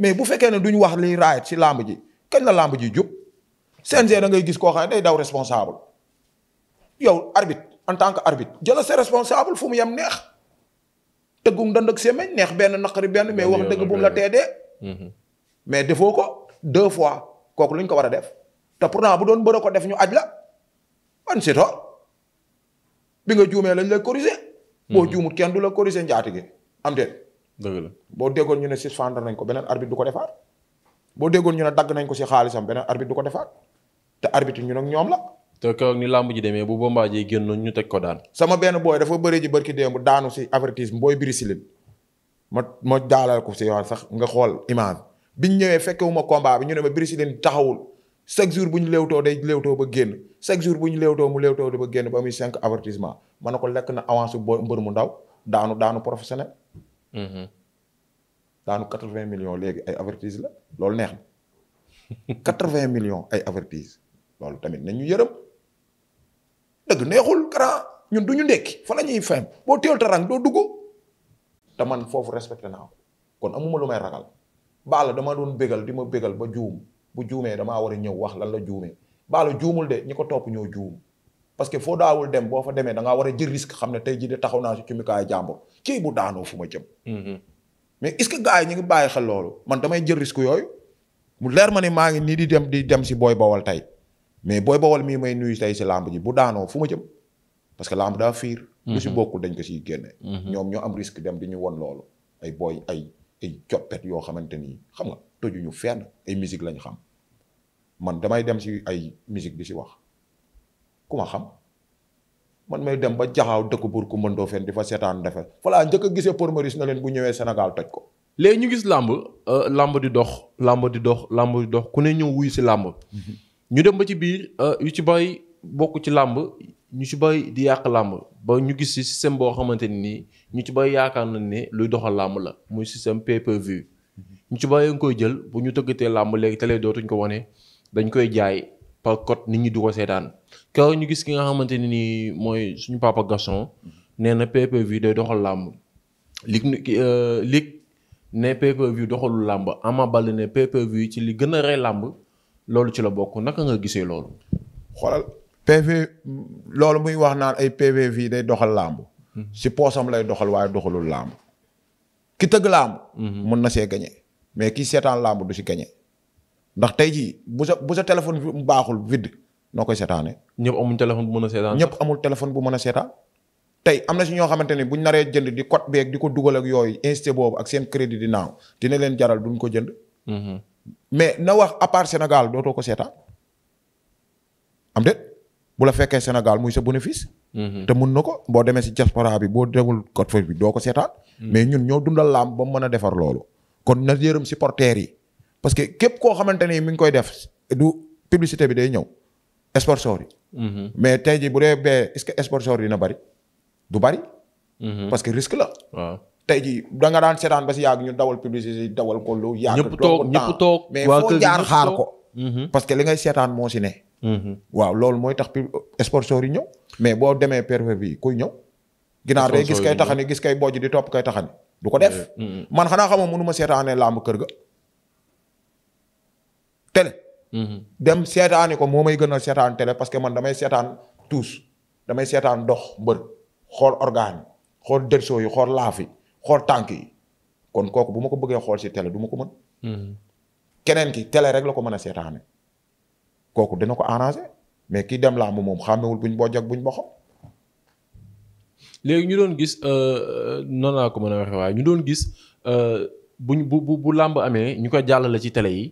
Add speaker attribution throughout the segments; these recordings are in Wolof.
Speaker 1: mais bu fekkee ne duñ wax li raayat ci làmb ji kañ la làmb ji jub CNG da ngay gis koo xam ne day daw responsable yow arbitre en tant que arbitre jëla sa responsable fu mu yem neex tëggum dandak semaine neex benn naqari benn mais wax dëgg bu mu la teedee mhm. mais defoo ko deux fois kooku lu ko war a def te pourtant bu doon mbër ko def ñu aj la an bi nga juumee lañ la corriger boo mhm. juumut kenn du la corriger njaati gi am déet dëgg la boo déggoon ñu ne suspendre nañ ko beneen arbitre du ko defaat boo déggoon ñu ne dagg nañ ko si xaalisam beneen arbitre du ko defaat te arbitre ñu nag ñoom la.
Speaker 2: te kaw ni làmb ji demee bu Bombardier génnoon ñu teg ko daan. sama benn booy dafa bëri ji barki
Speaker 1: démb daanu si avertissement booy biri leen ma ma daalal ko si yoon sax nga xool image ñu ñëwee fekkewuma combat bi ñu ne ma biri si leen taxawul chaque jour bu ñu léewtoo day léewtoo ba génn chaque jour bu ñu léewtoo mu léewtoo ba génn ba muy cinq ma ne ko lekk na avance booy mbër mu ndaw daanu daanu professionnel. Mm-hmm. daanu quatre vingt millions léegi ay avertise la loolu neex na quatre vingt millions ay avertise loolu tamit nañu yërëm dëgg neexul grand ñun du ñu ndekki fa la ñuy fem boo teewul tarang doo dugg te man foofu respecté naa ko kon amuma lu may ragal baalo dama doon bégal di ma bégal ba juum bu juumee damaa war a ñëw wax lan la juumee baalo juumul de ñi ko topp ñoo juum. parce que foo daawul dem boo fa demee da ngaa war a jël risque xam ne tey jii de taxaw naa si ci mikaay jàmbur kii bu daanoo fu ma jëm. Mm-hmm. mais est-ce que ñu ngi bàyyi xel loolu man damay jël risque yooyu mu leer ma ne maa ngi nii di dem di dem booy bawal tey mais booy bawal mii may nuyu tey si làmb ji bu daanoo fu ma jëm parce que làmb daa fiir. lu si mm-hmm. bokkul dañ ko si génne. Mm-hmm. ñoom ñoo am risque dem di ñu won loolu ay booy ay ay coppet yoo xamante ni xam nga tojuñu fenn ay musique lañ xam man damay dem si ay musique di si wax. ku ma xam man may dem ba jaxaaw dëkk buur ku mën doo fen di fa seetaan defe voilà njëkk a gisee pormeris na leen bu ñëwee Sénégal toj ko.
Speaker 2: léegi ñu gis làmb euh, làmb di dox làmb di dox làmb di dox ku ne ñëw wuyu si làmb mhm. ñu dem ba ci biir euh, yu ci bay bokk ci làmb ñu ci bari di yàq làmb ba ñu gis si système boo xamante nii ñu ci bari yaakaar nañ ne luy doxal làmb la muy système pay per mhm. ñu ci bari nga koy jël bu ñu tëggatee làmb léegi télé dootuñ ko wane dañ koy jaay. par code nit ñi du ko seetaan kaw ñu gis ki nga xamante ne nii mooy suñu papa Gaston nee na PPV day doxal làmb lig euh, lig ne PPV doxalu làmb Ama Baldé ne PPV ci li gën a rey làmb loolu ci la bokk naka nga gisee loolu.
Speaker 1: xoolal PV loolu muy wax naan ay PPV day doxal làmb. Mm-hmm. si poosam lay doxal waaye doxalul làmb. ki tëgg làmb. Mm-hmm. mën na see gañe mais ki seetaan làmb du si gañe ndax tey jii bu sa bu sa téléphone bi mu baaxul vide noo koy seetaane ñëpp amul téléphone bu mën a seetaan. ñëpp amul téléphone bu mën a seetaan. tey am na si ñoo xamante ne bu ñu naree jënd di code beeg di ko dugal ak yooyu incité boobu ak seen crédit di naaw dina leen jaral duñ ko jënd. Mm-hmm. mais na wax à part Sénégal dootoo ko seetaan. am déet bu la fekkee Sénégal muy sa bénéfice. Mm-hmm. te mun na ko boo demee si diaspora bi boo demul code foofu bi doo ko seetaan. Mm-hmm. mais ñun ñoo dundal laam ba mu mën a defar loolu. kon na yërëm supporters yi. parce que képp koo xamante ni mi ngi koy def du publicité bi day ñëw sponsor yi. Mhm. mais tey jii bu dee bee est-ce que sponsor dina bari du bari. Mhm. parce que risque la. tey jii da nga daan seetaan ba si yàgg ñu dawal publicité dawal ko lu. yàgg ñëpp toog ñëpp xaar ko. Mhm. parce que li ngay seetaan moo si ne. waaw loolu mooy tax sponsor yi ñëw. mais boo demee pervers bi kuy ñëw.
Speaker 2: ginaar day gis kay taxani
Speaker 1: gis kay bojj di topp kay taxani du ko def. man xanaa xamoo mënu ma seetaanee làmb kër ga. télé. Mm-hmm. dem seetaani ko moo may gënal seetaan télé parce que man damay seetaan tuus damay seetaan dox mbër xool organe xool dërsoo yi xool laaf yi xool tànk yi kon kooku bu ma ko bëggee xool si tele du ma ko mën. Mm-hmm. keneen ki tele rek la ko mën a seetaane kooku dina ko arrangé mais kii dem laa moom xàmmewul buñ boo jag buñ boxam.
Speaker 2: léegi ñu doon gis euh, euh, noonu laa ko mën a waxee waaye ñu doon gis euh, buñ bu bu bu làmb amee ñu ko jàllale ci tele yi.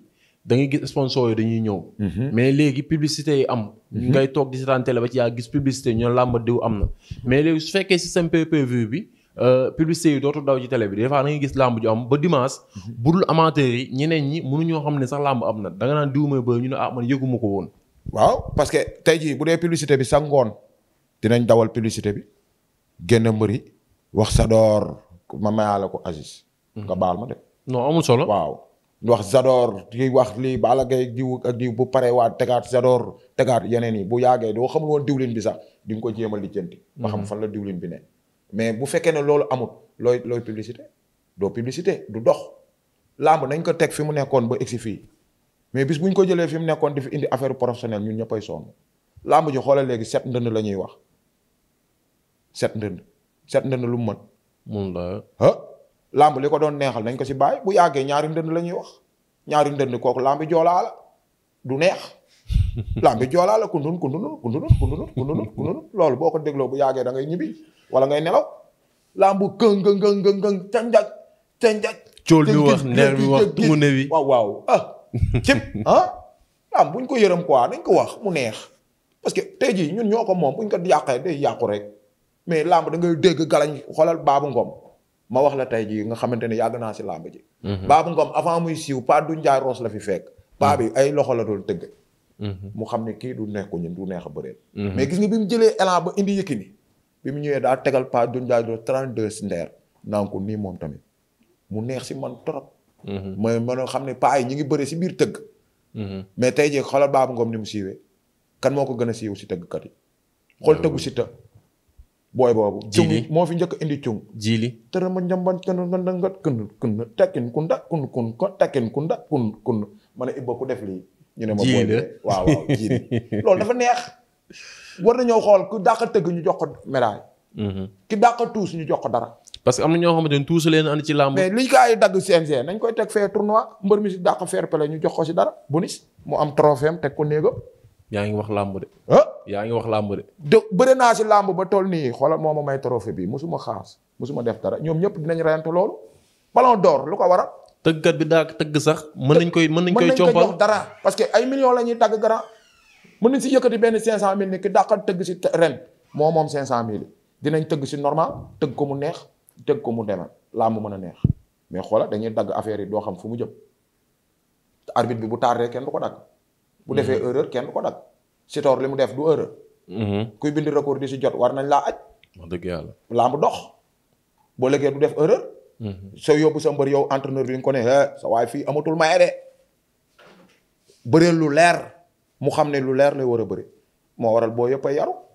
Speaker 2: da ngay gis sponsor yi dañuy ñëw. Mhm. mais léegi publicité yi am. Mhm. ngay toog di seetaan télé ba ci yaa gis publicité ñoo làmb diw am na. mais léegi su fekkee système PPV bi euh, publicité yi dootu daw ci télé bi des fois da ngay gis làmb ju am ba mhm. bu budul amateur yi ñeneen ñi ñoo xam ne sax làmb am na da nga naan diw may ba ñu ne ah man yëguma ko woon. waaw parce
Speaker 1: que tey jii bu dee publicité bi sa ngoon dinañ dawal publicité bi génn mbëri wax sa door ma ko Aziz. nga baal
Speaker 2: ma solo waaw.
Speaker 1: wax Zador di wax lii Balla Gaye diw ak diw bu paree waa tegaat Zador tegaat yeneen yi bu yaagee doo xamul woon diwlin bi sax di nga ko jéem a lijjanti. ba xam fan la diwlin bi ne. mais bu fekkee ne loolu amut looy looy publicité doo publicité du dox làmb nañ ko teg fi mu nekkoon ba egsi fii mais bis bu ñu ko jëlee fi mu nekkoon di fi indi affaire professionnelle ñun ñëppay sonn làmb ji xoolal léegi set ndënd la ñuy wax set ndënd set ndënd lu mu mën. mun la ah. làmb li ko doon neexal nañ ko si bàyyi bu yàggee ñaari ndënd la ñuy wax ñaari ndënd kooku làmb joolaa du neex làmb joolaa la kundun kundunun loolu boo ko dégloo bu yàggee da ngay wala ngay nelaw làmb këng këng këng këng këng bi wax neer bi waaw waaw ah cib ah, buñ ko yërëm quoi dañ ko wax mu neex parce que tey jii ñun ñoo ko moom buñ ko yàqee day yàqu rek mais lamb da ngay dégg galañ xolal baabu ngoom ma wax la tey jii nga xamante ni yàgg naa si làmb ji. Mhm. Babou Ngom avant muy siiw Pa du Njaay Roos la fi fekk. paa bi mhm. ay loxo la doon tëgg. Mhm. mu xam ne kii du nekku ñun du neex a bëreel. mais gis nga bi mu jëlee élan ba indi yëkkini bi mu ñëwee daa tegal Pa du Njaay Roos 32 ndeer naan nii moom tamit mu neex si man trop. mooy man xam ne paa yi ñu ngi bëri si biir tëgg. mais tey jii xoolal Babou ngoom ni mu siiwee kan moo ko gën a siiw si tëggkat yi. xool tëggu si ta booy boobu. jiili moo fi njëkk indi cung. jiili tërë ma njamban kënd kënd nga kënd kënd tekkin kunda kun kun ko tekkin kunda kun kun ma ne Ibba ku def lii. ñu ne ma booy bi waaw waaw jiili loolu dafa neex. war nañoo xool ku dàq tëgg ñu jox ko médaille. Mhm. ki dàq tuus ñu jox ko dara.
Speaker 2: parce que am na ñoo xamante ne tuus leen andi ci làmb. mais luñ
Speaker 1: kaa teg fee tournoi mbër mi si dàq fair play ñu jox ko si dara bonus mu am trophée am teg ko néegam. yaa ngi wax làmb de. ah yaa ngi wax làmb de. de bëri naa si làmb ba toll nii xoolal moo ma may trophée bi mosuma xaas mosuma def dara ñoom ñëpp dinañ reyante loolu. ballon door lu ko waral.
Speaker 2: tëggkat bi daa tëgg sax. mën nañ koy mën nañ koy compal jox
Speaker 1: dara. parce que ay millions la ñuy tàgg grand. mën nañ si yëkkati benn 500000 ni ki dàqal tëgg si ren moo moom 500000 dinañ tëgg si normal tëgg ko mu neex tëgg ko mu demee làmb mën a neex mais xoolal dañuy dagg affaire yi doo xam fu mu jëm. arbitre bi bu tardé kenn du ko dagg. bu defee mhm. erreur kenn ko dag Sitor li mu def du erreur. Mhm. kuy bind record di si jot war nañ laa aj. wax dëgg yàlla lamb dox. boo lëggee du def erreur. Mhm. soo yóbbu sa mbër yow entraîneur bi nga ko ne sa waaye fii amatul maye de. bëreel lu leer mu xam ne lu leer lay war a bëri moo waral boo yëpp a yaru.